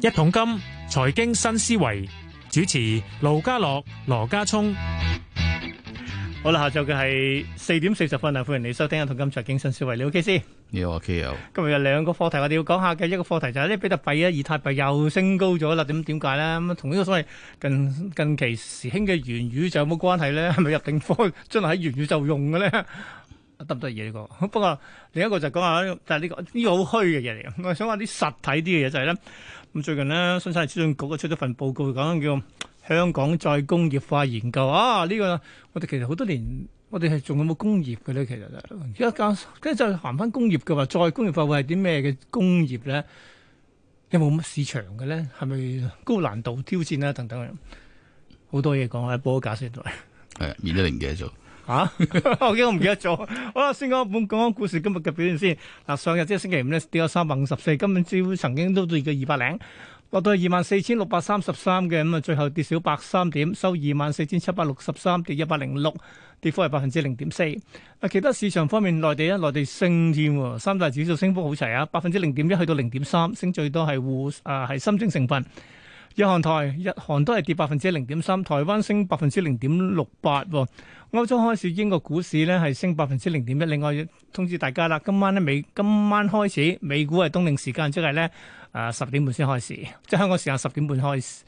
一桶金財經新思維，主持盧家樂、羅家聰。好啦，下晝嘅係四點四十分啊，歡迎你收聽一桶金財經新思維。你 OK 先？你 OK 啊？今日有兩個課題，我哋要講下嘅一個課題就係啲比特幣啊，以太幣又升高咗啦，點點解咧？咁同呢個所謂近近期時興嘅元宇宙有冇關係咧？係咪入定貨將來喺元宇宙用嘅咧？得唔得嘢呢個？不過另一個就講下，但係、呢、呢個呢、呢個好虛嘅嘢嚟。我想話啲實體啲嘅嘢，就係咧，咁最近咧，生產力資訊局出咗份報告，講緊叫《香港再工業化研究》啊。呢、呢個我哋其實好多年，我哋係仲有冇工業嘅咧？其實而家跟跟住行翻工業嘅話，再工業化會係啲咩嘅工業咧？有冇乜市場嘅咧？係咪高難度挑戰啊？等等，好多嘢講啊！波假設在係二零零幾做。吓、啊， 我驚我唔記得咗。 好啦，先講本港個股市今日嘅表現先。嗱，上日即係星期五咧，跌咗三百五十四，今日幾乎曾經都跌到二百零，落到二萬四千六百三十三嘅，咁啊最後跌少百三點，收二萬四千七百六十三，跌一百零六，跌幅係百分之零點四。啊，其他市場方面，內地啊，內地升添，三大指數升幅好齊啊，百分之零點一去到零點三，升最多係滬啊，係深證成分。日韓台日韓都係跌百分之零點三，台灣升百分之零點六八。歐洲開始，英國股市咧係升百分之零點一。另外通知大家啦，今晚咧美今晚開始美股係冬令時間，即係咧誒十點半先開始，即係香港時間十點半開始。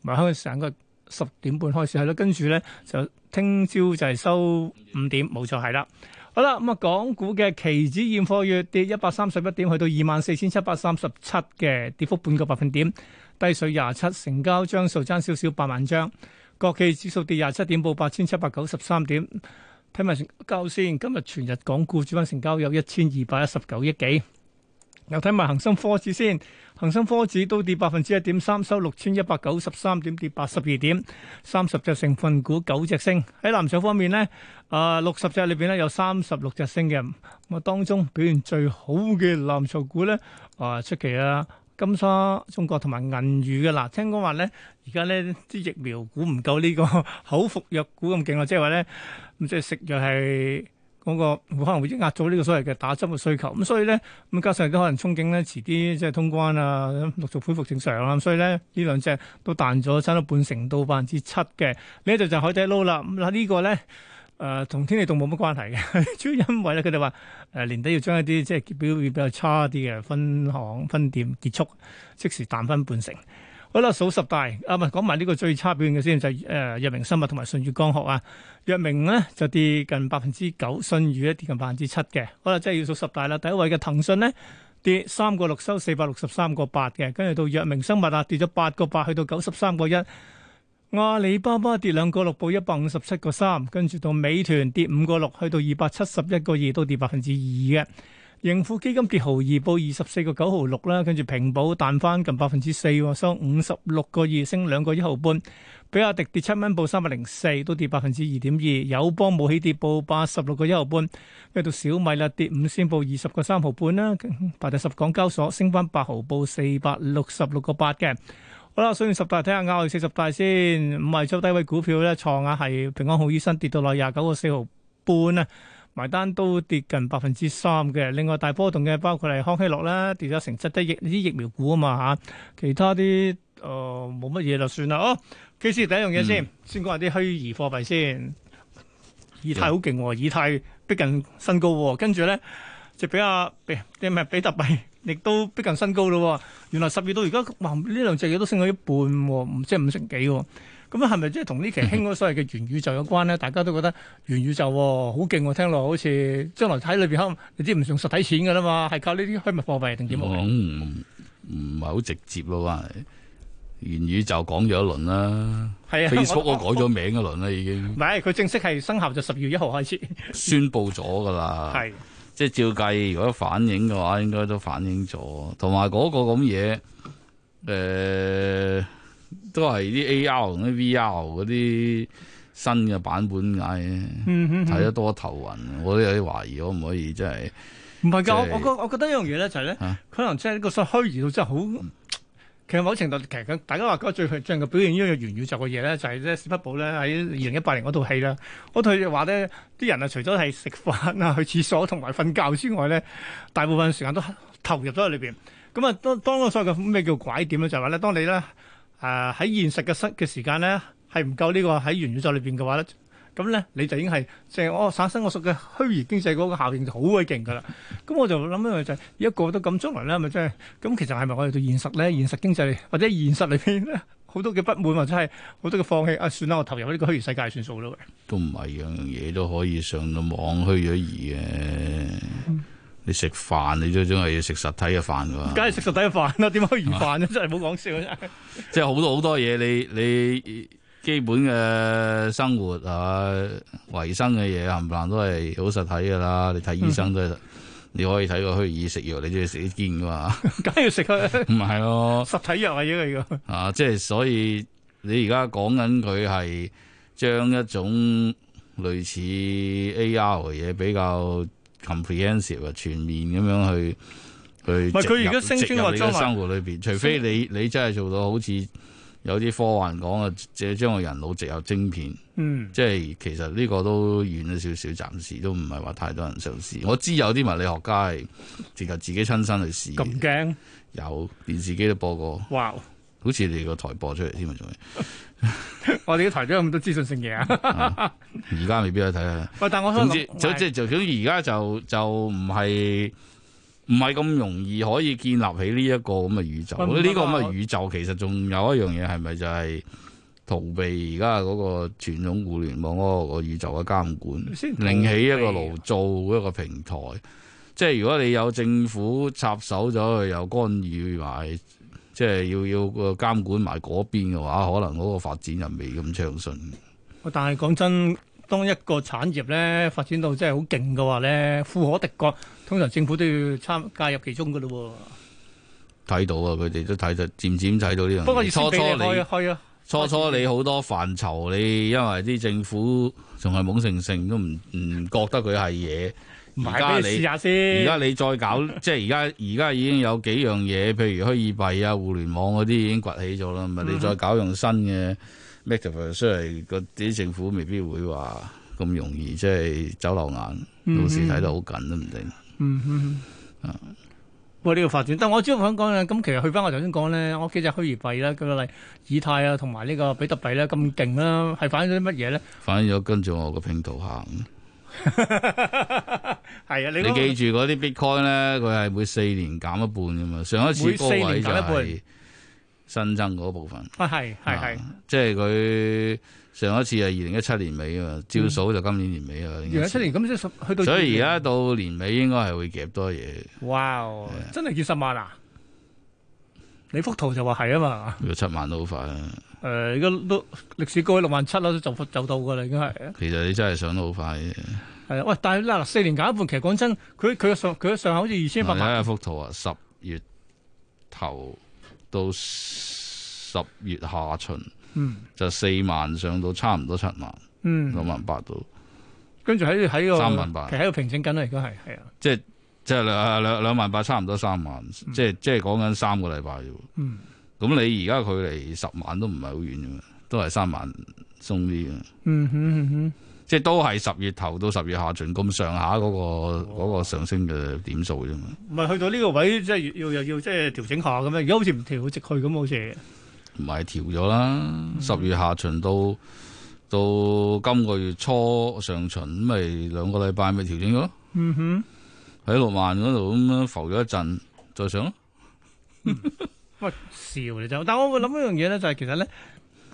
唔係，香港時間嘅十點半開始，係咯，跟住咧就聽朝就係收五點，冇錯係啦。好啦，咁、嗯、啊，港股嘅期指現貨月跌一百三十一點，去到二萬四千七百三十七嘅跌幅半個百分點。低水廿七，成交張數爭少少八萬張。國企指數跌廿七點，報八千七百九十三點。睇埋成交先，今日全日港股主板成交有一千二百一十九億幾。又睇埋恒生科指先，恒生科指都跌百分之一點三，收六千一百九十三點，跌八十二點。三十隻成分股九隻升。喺藍籌方面呢，啊六十隻裏邊咧有三十六隻升嘅，咁啊當中表現最好嘅藍籌股咧啊、呃、出奇啊！金沙中國同埋銀娛嘅喇。聽講話咧，而家咧啲疫苗股唔夠呢個口服藥股咁勁啊，即係話咧，咁即係食藥係嗰、嗰個可能會壓咗呢個所謂嘅打針嘅需求，咁所以咧，咁加上都可能憧憬咧遲啲即係通關啊，陸續恢復正常啊，咁所以咧，呢兩隻都彈咗差多半成到百分之七嘅，呢一度就海底撈啦，咁、啊、嗱、呢個、呢個咧。誒、呃，同天氣凍冇乜關係嘅，主要因為咧，佢哋話誒，年底要將一啲即係表現比較差啲嘅分行分店結束，即時淡分半成。好啦，數十大，啊唔係講埋呢個最差表現嘅先，就誒、是呃、藥明生物同埋舜宇光學啊。藥明咧就跌近百分之九，舜宇咧跌近百分之七嘅。好啦，即係要數十大啦，第一位嘅騰訊咧跌三個六收四百六十三個八嘅，跟住到藥明生物啊跌咗八個八去到九十三個一。阿里巴巴跌兩個六，報一百五十七個三，跟住到美團跌五個六，去到二百七十一個二，都跌百分之二嘅。盈富基金跌毫二，報二十四個九毫六啦，跟住平保彈翻近百分之四，收五十六個二，升兩個一毫半。比亞迪跌七蚊，報三百零四，都跌百分之二點二。友邦冇起跌，報八十六個一毫半。跟住到小米啦，跌五仙報二十個三毫半啦。排第十，港交所升翻八毫報，報四百六十六個八嘅。好啦，所以十大睇下拗去四十大先，五位收低位股票咧，創下係平安好醫生跌到落廿九個四毫半啊，埋單都跌近百分之三嘅。另外大波動嘅包括係康希諾啦，跌咗成七低疫啲疫苗股啊嘛嚇，其他啲誒冇乜嘢就算啦哦。其次第一樣嘢先、嗯，先講下啲虛擬貨幣先，以太好勁喎，以太逼近新高、哦，跟住咧就俾阿咩比特幣。亦都逼近新高咯喎！原來十二度，而家呢兩隻嘢都升咗一半，唔、哦、即係五成幾喎。咁樣係咪即係同呢期興嗰所謂嘅元宇宙有關咧？ 大家都覺得元宇宙、哦、好勁喎、哦，聽落好似將來睇裏邊可能你知唔用實體錢嘅啦嘛，係靠呢啲虛物貨幣定點？唔唔係好直接咯，話、啊、元宇宙講咗一輪啦、啊、，Facebook 都改咗名一輪啦，已經唔係佢正式係生效就十二月一號開始宣佈咗㗎啦，係。 即係照計，如果反映嘅話，應該都反映咗。同埋嗰個咁嘢，誒、呃，都係啲 A R 同啲 V R 嗰啲新嘅版本嗌，睇得多頭暈、嗯。我都有啲懷疑，可唔可以真係？唔係㗎，我我覺我覺得一樣嘢咧，就係咧、啊，可能真係呢個虛擬到真係好。其實某程度其實大家話嗰個最最能夠表現呢個元宇宙嘅嘢咧，就係咧史匹堡咧喺二零一八年嗰套戲啦。嗰套嘢話咧，啲人啊，除咗係食飯啊、去廁所同埋瞓覺之外咧，大部分時間都投入咗喺裏邊。咁啊，當當所謂嘅咩叫拐點咧，就係話咧，當你咧誒喺現實嘅室嘅時間咧，係唔夠呢個喺元宇宙裏邊嘅話咧。咁咧你就已經係成我生我熟嘅虛擬經濟嗰個效應就好鬼勁噶啦！咁我就諗一樣就係、是，而家過到咁中年咧，咪真係咁其實係咪可以到現實咧？現實經濟或者現實裏面咧，好多嘅不滿或者係好多嘅放棄啊！算啦，我投入呢個虛擬世界算數咯。都唔係樣樣嘢都可以上到網虛擬嘅、嗯，你食飯你都真係要食實體嘅飯㗎嘛？梗係食實體嘅飯啦、啊，點虛擬飯啫、啊？ 真係冇講笑，即係好多好多嘢，你你。基本嘅生活啊，衛生嘅嘢冚唪唥都係好實體噶啦。你睇醫生都、嗯，你可以睇個虛擬食藥，你都要食啲堅噶嘛。梗要食佢，唔 係咯。實體藥啊，而、這、家、個、啊，即、就、係、是、所以你而家講緊佢係將一種類似 AR 嘅嘢，比較 comprehensive 啊，全面咁樣去去。佢而家升穿個生活裏邊，除非你你真係做到好似。有啲科幻講啊，即係將個人腦植入晶片，嗯，即係其實呢個都遠咗少少，暫時都唔係話太多人想試。我知有啲物理學家係直頭自己親身去試。咁驚？有電視機都播過。哇、wow！好似你個台播出嚟添啊，仲係 我哋啲台都有咁多資訊性嘢啊。而 家未必去睇啦。喂，但我想諗，就即係就，而家就就唔係。唔係咁容易可以建立起呢一個咁嘅宇宙，呢個咁嘅宇宙其實仲有一樣嘢，係咪就係逃避而家嗰個傳統互聯網嗰個宇宙嘅監管，另起一個爐灶一個平台。即係如果你有政府插手咗，又干預埋，即係要要個監管埋嗰邊嘅話，可能嗰個發展又未咁暢順。但係講真。當一個產業咧發展到真係好勁嘅話咧，富可敵國，通常政府都要參加入其中噶咯。睇到啊，佢哋都睇到，漸漸睇到呢樣。不過你初初你啊，初初你好多範疇，你因為啲政府仲係懵盛盛，都唔唔覺得佢係嘢。而家你試下先，而家你，你再搞， 即係而家而家已經有幾樣嘢，譬如虛擬幣啊、互聯網嗰啲已經崛起咗啦，咪、嗯、你再搞用新嘅。雖然啲政府未必會話咁容易，即係走漏眼，到時睇得好緊都唔定。嗯哼，哇！呢個發展，但我主要想講咧，咁其實去翻我頭先講咧，我屋企隻虛擬幣咧，舉個例，以太啊，同埋呢個比特幣咧，咁勁啦，係反映咗啲乜嘢咧？反映咗跟住我個拼圖行。係 啊，你你記住嗰啲 Bitcoin 咧，佢係每四年減一半㗎嘛，上一次高位就係。新增嗰部分啊，係係係，即係佢上一次係二零一七年尾啊，招、嗯、數就今年年尾啊。二零一七年咁即係去到今年，所以而家到年尾應該係會夾多嘢。哇！真係見十萬啊！你幅圖就話係啊嘛？要七萬都好快啊！誒、呃，而家都歷史過去六萬七啦，就就到噶啦，已經係。其實你真係上得好快嘅，啊。係啊，喂！但係嗱，四年搞一半，其實講真，佢佢上佢上好似二千八。睇下幅圖啊，十月頭，到十月下旬、嗯，就四萬上到差唔多七萬，嗯、六萬八度，跟住喺喺個三萬八，其實喺個平整緊啦，而家係係啊，即係即係兩、嗯、兩,兩萬八差唔多三萬，嗯、即係即係講緊三個禮拜啫。咁、嗯、你而家佢離十萬都唔係好遠啫，都係三萬鬆啲嘅。嗯哼嗯哼。即係都係十月頭到十月下旬咁上下嗰個嗰、嗰個上升嘅點數啫嘛。唔、哦、係去到呢個位，即係要又要，要即係調整下咁樣？而家好似唔調直去咁好似。唔係調咗啦，十月下旬到、嗯、到今個月初上旬，咪兩個禮拜咪調整咗。嗯哼，喺六萬嗰度咁樣浮咗一陣，再上。喂、嗯，笑你就。但我會諗一樣嘢咧，就係其實咧。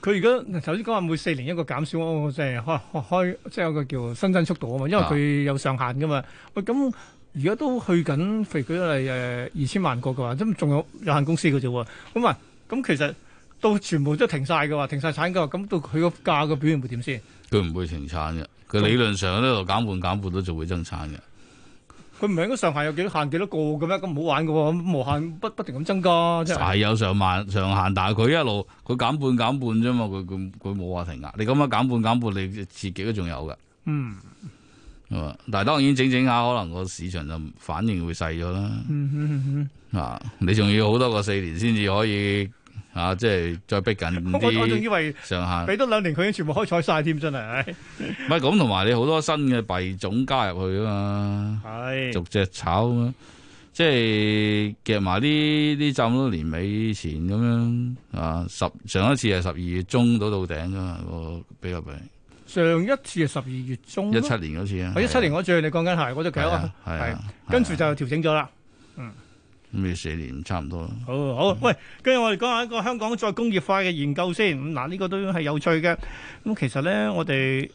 佢而家首先講話每四年一個減少，即、哦、係、就是、開開即係有個叫新增速度啊嘛，因為佢有上限噶嘛。喂、嗯，咁而家都去緊，肥股都係誒二千萬個嘅話，都仲有有限公司嘅啫喎。咁、嗯、啊，咁、嗯嗯嗯、其實到全部都停晒嘅話，停晒產嘅話，咁到佢個價個表現會點先？佢唔會停產嘅，佢理論上呢度，減半減半都仲會增產嘅。佢唔係應該上限有幾多限幾多個嘅咩？咁唔好玩嘅喎，無限不不停咁增加，真係係有上限上限，但係佢一路佢減半減半啫嘛，佢佢佢冇話停啊！你咁樣減半減半，你自己都仲有嘅。嗯。啊！但係當然整整下，可能個市場就反應會細咗啦。啊！你仲要好多個四年先至可以。啊！即係再逼緊啲上限，俾 多兩年佢已經全部開採晒添，真係。唔係咁，同埋你好多新嘅幣種加入去啊嘛，逐隻炒啊，即係夾埋呢呢浸多年尾前咁樣啊十上一次係十二月中到到頂噶，個比特幣。上一次係十二月中到。那個、比上一七、啊、年嗰次啊。一七年我最你講緊係我都係跟住就調整咗啦，啊。嗯。咁四年差唔多，好好，喂，跟住我哋講下一個香港再工業化嘅研究先。嗱，呢個都係有趣嘅。咁其實咧，我哋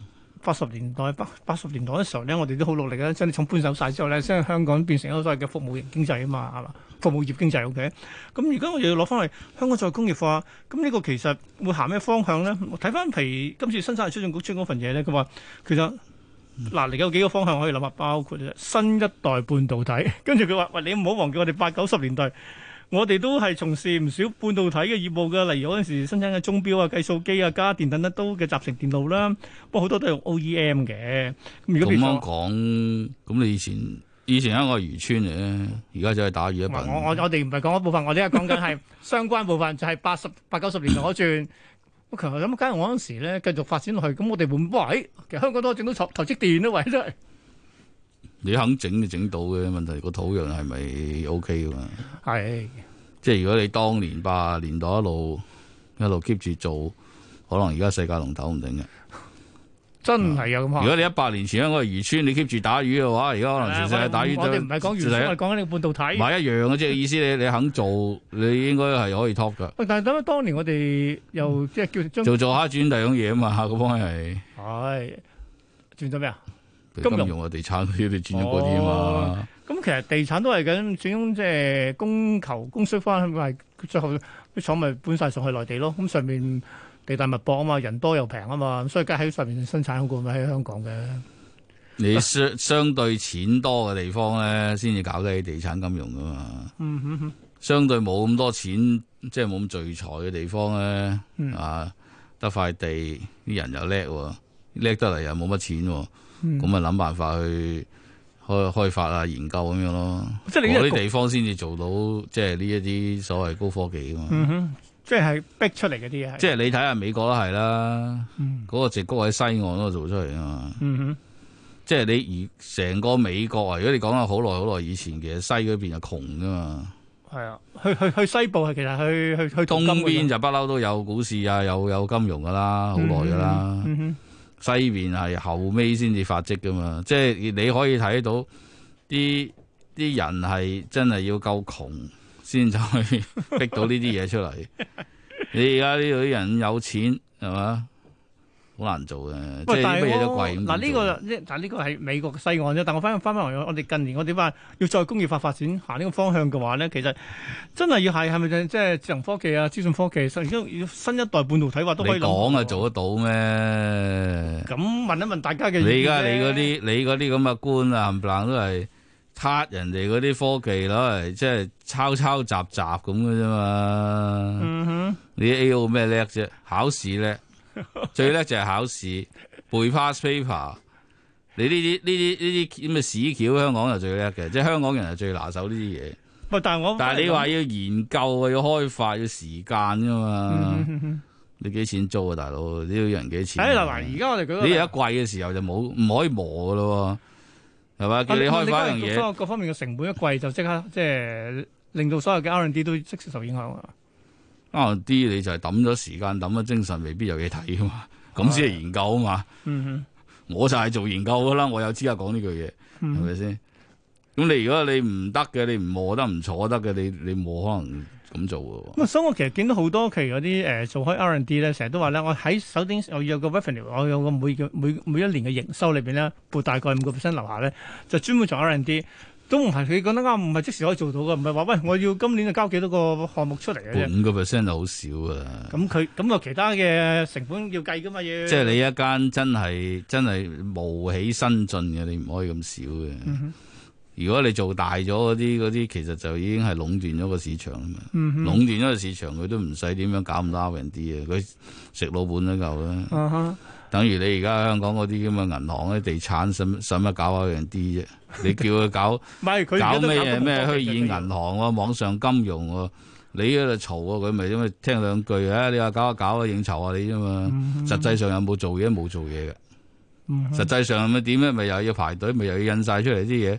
八十年代八八十年代嘅時候咧，我哋都好努力咧，即係從搬走晒之後咧，即係香港變成一個所謂嘅服務型經濟啊嘛，係嘛，服務業經濟 OK。咁而家我哋要攞翻嚟香港再工業化，咁呢個其實會行咩方向咧？睇翻皮今次生產力促進局出嗰份嘢咧，佢話其實。嗱，嚟有幾個方向可以諗下，包括新一代半導體。跟住佢話：喂，你唔好忘記我哋八九十年代，我哋都係從事唔少半導體嘅業務嘅。例如嗰陣時候新生產嘅鐘錶啊、計數機啊、家電等等都嘅集成電路啦。不過好多都係用 OEM 嘅。咁如果別講，講咁你以前以前喺我係漁村嘅，而家就係打魚一，我我我哋唔係講一部分，我哋係講緊係相關部分，就係八十八九十年代我轉。咁其實我嗰陣時咧繼續發展落去，咁我哋換波位。其實香港都整到台台積電啦、啊，位都係。你肯整就整到嘅，問題個土壤係咪 OK 嘛？係，即係如果你當年八十年代一路一路 keep 住做，可能而家世界龍頭唔定嘅。真係啊！如果你一百年前喺個漁村，你 keep 住打魚嘅話，而家可能全世界打魚都係。我哋唔係講魚仔，我哋講緊你個半導體。唔係一樣嘅啫。即係意思你你肯做，你應該係可以 top 嘅。 但係諗下，當年我哋又即係叫、嗯、做做下轉第二種嘢啊嘛，個方向係係轉咗咩啊？金融嘅地產你嘢轉咗嗰啲啊嘛。咁、哦、其實地產都係咁轉，即係供求供需翻，咪，最後啲廠咪搬晒上去內地咯。咁上面。地大物博啊嘛，人多又平啊嘛，咁所以梗喺上面生產好過喺香港嘅。你相相對錢多嘅地方咧，先至搞得起地產金融噶嘛。嗯哼哼，相對冇咁多錢，即係冇咁聚財嘅地方咧、嗯，啊，得塊地，啲人又叻喎，叻得嚟又冇乜錢，咁啊諗辦法去開開發啊，研究咁樣咯。即係呢啲地方先至做到，即係呢一啲所謂高科技啊嘛。嗯、哼。即係逼出嚟嗰啲嘢，即係你睇下美國都係啦，嗰、嗯，那個矽谷喺西岸嗰度做出嚟啊嘛。嗯、哼，即係你如成個美國啊，如果你講啊好耐好耐以前，其實西嗰邊啊窮噶嘛。係啊，去去去西部係，其實去去去東邊就不嬲都有股市啊，嗯，有有金融噶啦，好耐噶啦。嗯、哼，西邊係後尾先至發迹噶嘛，即係你可以睇到啲啲人係真係要夠窮。先至去逼到呢啲嘢出嚟。 你而家呢度啲人有錢係嘛？好難做嘅，即係乜嘢都貴。嗱呢個，但呢個係美國西岸啫。但我翻翻翻嚟，我哋近年我點話？要再工業化發展行呢個方向嘅話咧，其實真係要係係咪即係智能科技啊、資訊科技、新新一代半導體，話都可以講啊，做得到咩？咁問一問大家嘅意思，你而家你嗰啲你嗰啲咁嘅官啊，冚唪唥都係。撻人哋嗰啲科技咯，即係抄抄雜雜咁嘅啫嘛。嗯哼，你 A O 咩叻啫？考試叻？ 最叻就係考試 背 pass paper。你呢啲呢啲呢啲咁嘅屎橋，香港就最叻嘅，即係香港人就最,最拿手呢啲嘢。喂，但係我但係你話要研究啊，要開發，要時間噶嘛？你幾錢租啊，大佬？你要人幾錢、啊？哎，同埋而家我哋嗰個，你一季嘅時候就冇唔可以磨噶咯。係嘛、啊？叫你開翻樣嘢，你各方面嘅成本一貴就即刻，就是、即係令到所有嘅 R&D 都即時受影響。R&D 你就係抌咗時間、抌咗精神，未必有嘢睇噶嘛？咁先係研究嘛啊嘛。我就係做研究噶啦，我有資格講呢句嘢，係咪先？咁你如果你唔得嘅，你唔磨得唔坐得嘅，你你冇可能。咁做喎，咁所以我其實見到好多期嗰啲做開 R&D 咧，成日都話咧，我喺手頂我要有個 Revenue，我要有個每每每一年嘅營收裏面咧，撥大概五個 percent 留下咧，就專門做 R&D，都唔係佢講得啱，唔係即時可以做到嘅，唔係話喂，我要今年就交幾多個項目出嚟。五個 percent 就好少啊！咁佢咁啊，其他嘅成本要計噶嘛，要。即係你一間真係真係冒起新進嘅，你唔可以咁少嘅。嗯如果你做大咗嗰啲嗰啲，其實就已經係壟斷咗個市場啦嘛、嗯。壟斷咗個市場，佢都唔使點樣搞唔撚人啲嘅，佢食老本都夠啦、啊。等於你而家香港嗰啲咁嘅銀行、啲地產，使使乜搞啊樣啲啫？你叫佢搞， 搞咩嘢？咩虛擬銀行喎、啊，網上金融喎，你喺度嘈啊，佢咪因為聽兩句啊？你話搞啊搞啊，應酬下你啫嘛、啊嗯。實際上有冇做嘢？冇做嘢嘅。嗯、實際上咪點樣，咪又要排隊，咪又要印晒出嚟啲嘢，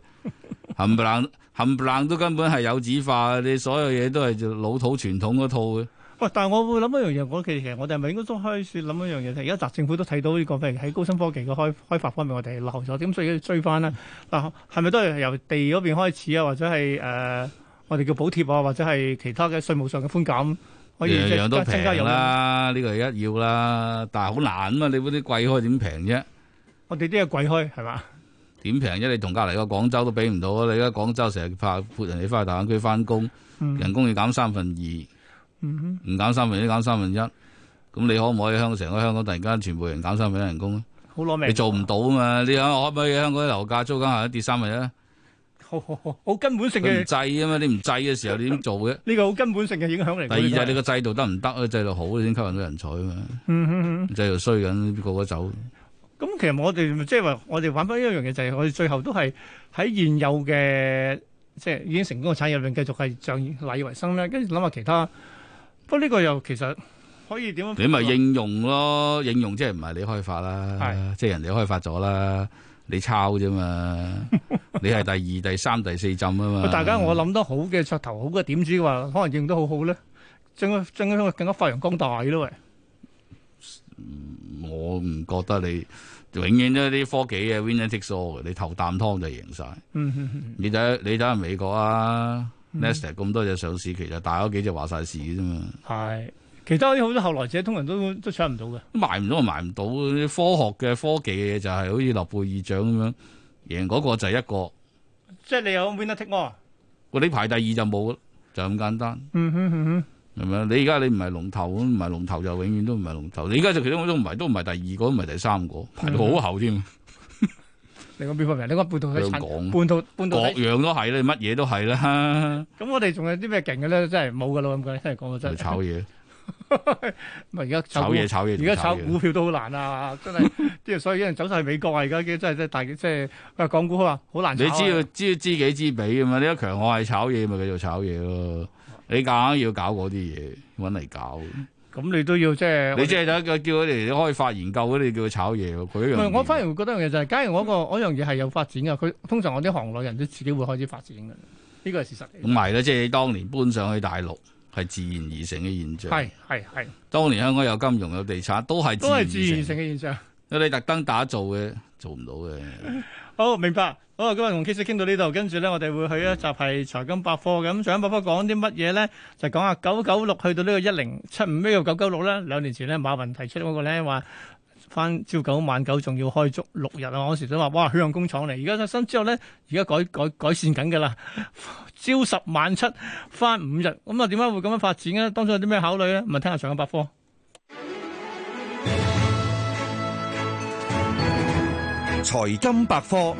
冚唪唥冚唪唥都根本係有紙化，你所有嘢都係老土傳統嗰套嘅。喂，但係我會諗一樣嘢，我其實我哋係咪應該都開始諗一樣嘢？而家特政府都睇到呢、這個，譬如喺高新科技嘅開開發方面，我哋係落後咗，咁所以要追翻咧。嗱，係咪都係由地嗰邊開始啊？或者係誒、呃，我哋叫補貼啊，或者係其他嘅稅務上嘅寬減，可以樣樣都平啦。呢、這個係一要啦，但係好難啊嘛，你嗰啲貴開點平啫？我哋啲嘢鬼開係嘛？點平？一你同隔籬個廣州都比唔到啊！你而家廣州成日怕撥人哋返去大灣區返工，人工要減三分二，唔、嗯、減三分，一，減三分一。咁你可唔可以香港成個香港突然間全部人減三分一人工咧？好攞命、啊！你做唔到啊嘛？你可唔可以香港啲樓價租金下跌三分一？好，好，好，好根本性嘅。唔制啊嘛？你唔制嘅時候你點做嘅？呢、這個好根本性嘅影響嚟。第二就係、是、你個制度得唔得？制度好先吸引到人才啊嘛、嗯哼哼。制度衰緊，個個走。咁其實我哋即係話，就是、我哋玩翻一樣嘢就係、是，我哋最後都係喺現有嘅，即、就、係、是、已經成功嘅產業入邊，繼續係仗禮為生啦。跟住諗下其他，不過呢個又其實可以點樣？你咪應用咯，應用即係唔係你開發啦，即係、就是、人哋開發咗啦，你抄啫嘛。你係第二、 第三、第四浸啊嘛。大家我諗得好嘅噱頭好的、好嘅點子話，可能應用得好好咧，將將佢更加發揚光大咯。喂，我。唔覺得你永遠都啲科技嘅 winner takes all 嘅，你頭啖湯就贏晒。嗯嗯。你睇你睇下美國啊 Nester 咁多隻上市，其實大嗰幾隻話晒事嘅啫嘛。係，其他啲好多後來者通常都都搶唔到嘅，賣唔到咪賣唔到。科學嘅科技嘅嘢就係好似諾貝爾獎咁樣，贏嗰個就係一個。即係你有 winner takes all 我呢排第二就冇，就咁簡單。嗯嗯嗯嗯。係咪？你而家你唔係龍頭唔係龍頭就永遠都唔係龍頭。你而家就其中都唔係，都唔係第二個，唔係第三個，排到、嗯、好後添。 你講邊方面？你半導體產，半導體各樣都係啦，乜嘢都係啦。咁、嗯、我哋仲有啲咩勁嘅咧？真係冇噶啦，咁講真係講真。炒嘢，咪而家炒嘢炒嘢。而家炒股票都好難啊！真係，即 係所以啲人走晒去美國、就是、啊！而家嘅真係大即係啊，港股好難。你知道知道知己知彼咁嘛。你一強我係炒嘢，咪繼續炒嘢咯。你梗要搞嗰啲嘢，揾嚟搞。咁你都要即係、就是。你即係就叫佢哋開發研究，或者你叫佢炒嘢。佢唔係，我反而會覺得樣嘢就係、是，假如我、嗰個嗰樣嘢係有發展嘅，佢通常我啲行內人都自己會開始發展嘅。呢個係事實。唔咪咯，即、就、係、是、你當年搬上去大陸係自然而成嘅現象。係係係。當年香港有金融有地產都係自然而成嘅現象。你特登打造嘅。做唔到嘅。好明白。好，今日同 K 先生傾到呢度，跟住咧，我哋會去一集係財經百科嘅。咁財經百科講啲乜嘢咧？就講下九九六去到呢個一零七五，咩叫九九六咧？兩年前咧，馬雲提出嗰個咧話返朝九晚九，仲要開足六日啊！嗰時都話哇，血汗工廠嚟。而家新之後咧，而家改改改善緊㗎啦。 朝十晚七，返五日。咁啊，點解會咁樣發展咧？當中有啲咩考慮咧？咪聽下財經百科。財金百科，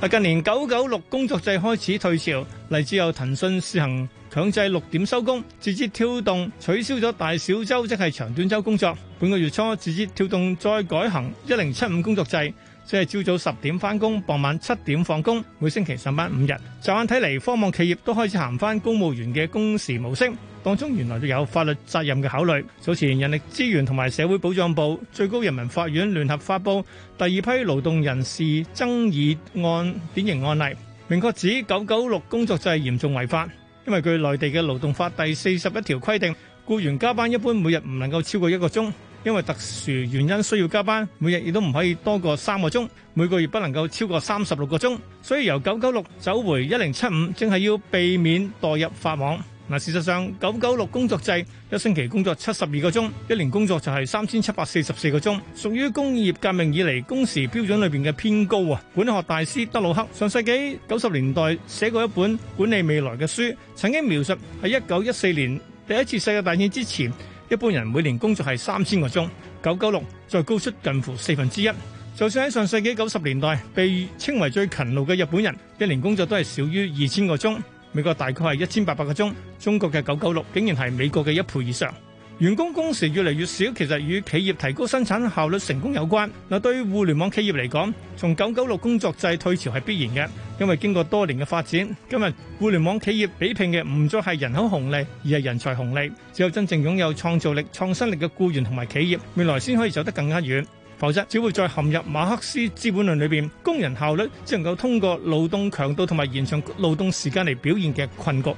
啊！近年九九六工作制開始退潮，嚟自有騰訊試行強制六點收工，字節跳動取消咗大小周，即係長短周工作。本個月初，字節跳動再改行一零七五工作制，即係朝早十點返工，傍晚七點放工，每星期上班五日。乍眼睇嚟，科網企業都開始行翻公務員嘅工時模式。當中原來都有法律責任嘅考慮。早前人力資源同埋社會保障部，最高人民法院聯合發布第二批勞動人事爭議案典型案例，明確指九九六工作制嚴重違法，因為據內地嘅《勞動法》第四十一條規定，僱員加班一般每日唔能夠超過一個鐘，因為特殊原因需要加班，每日亦都唔可以多過三個鐘，每個月不能夠超過三十六個鐘，所以由九九六走回一零七五，正係要避免墮入法網。嗱，事實上，九九六工作制一星期工作七十二個鐘，一年工作就係三千七百四十四個鐘，屬於工業革命以嚟工時標準裏面嘅偏高啊！管理學大師德魯克上世紀九十年代寫過一本《管理未來》嘅書，曾經描述喺一九一四年第一次世界大戰之前，一般人每年工作係三千個鐘，九九六再高出近乎四分之一。就算喺上世紀九十年代，被稱為最勤勞嘅日本人，一年工作都係少於二千個鐘。美國大概係一千八百個鐘，中國嘅九九六竟然係美國嘅一倍以上。員工工時越嚟越少，其實與企業提高生產效率成功有關。嗱，對於互聯網企業嚟講，從九九六工作制退潮係必然嘅，因為經過多年嘅發展，今日互聯網企業比拼嘅唔再係人口紅利，而係人才紅利。只有真正擁有創造力、創新力嘅僱員同埋企業，未來先可以走得更加遠。否則，只會再陷入馬克思資本論裏面，工人效率只能夠通過勞動強度同埋延長勞動時間嚟表現嘅困局。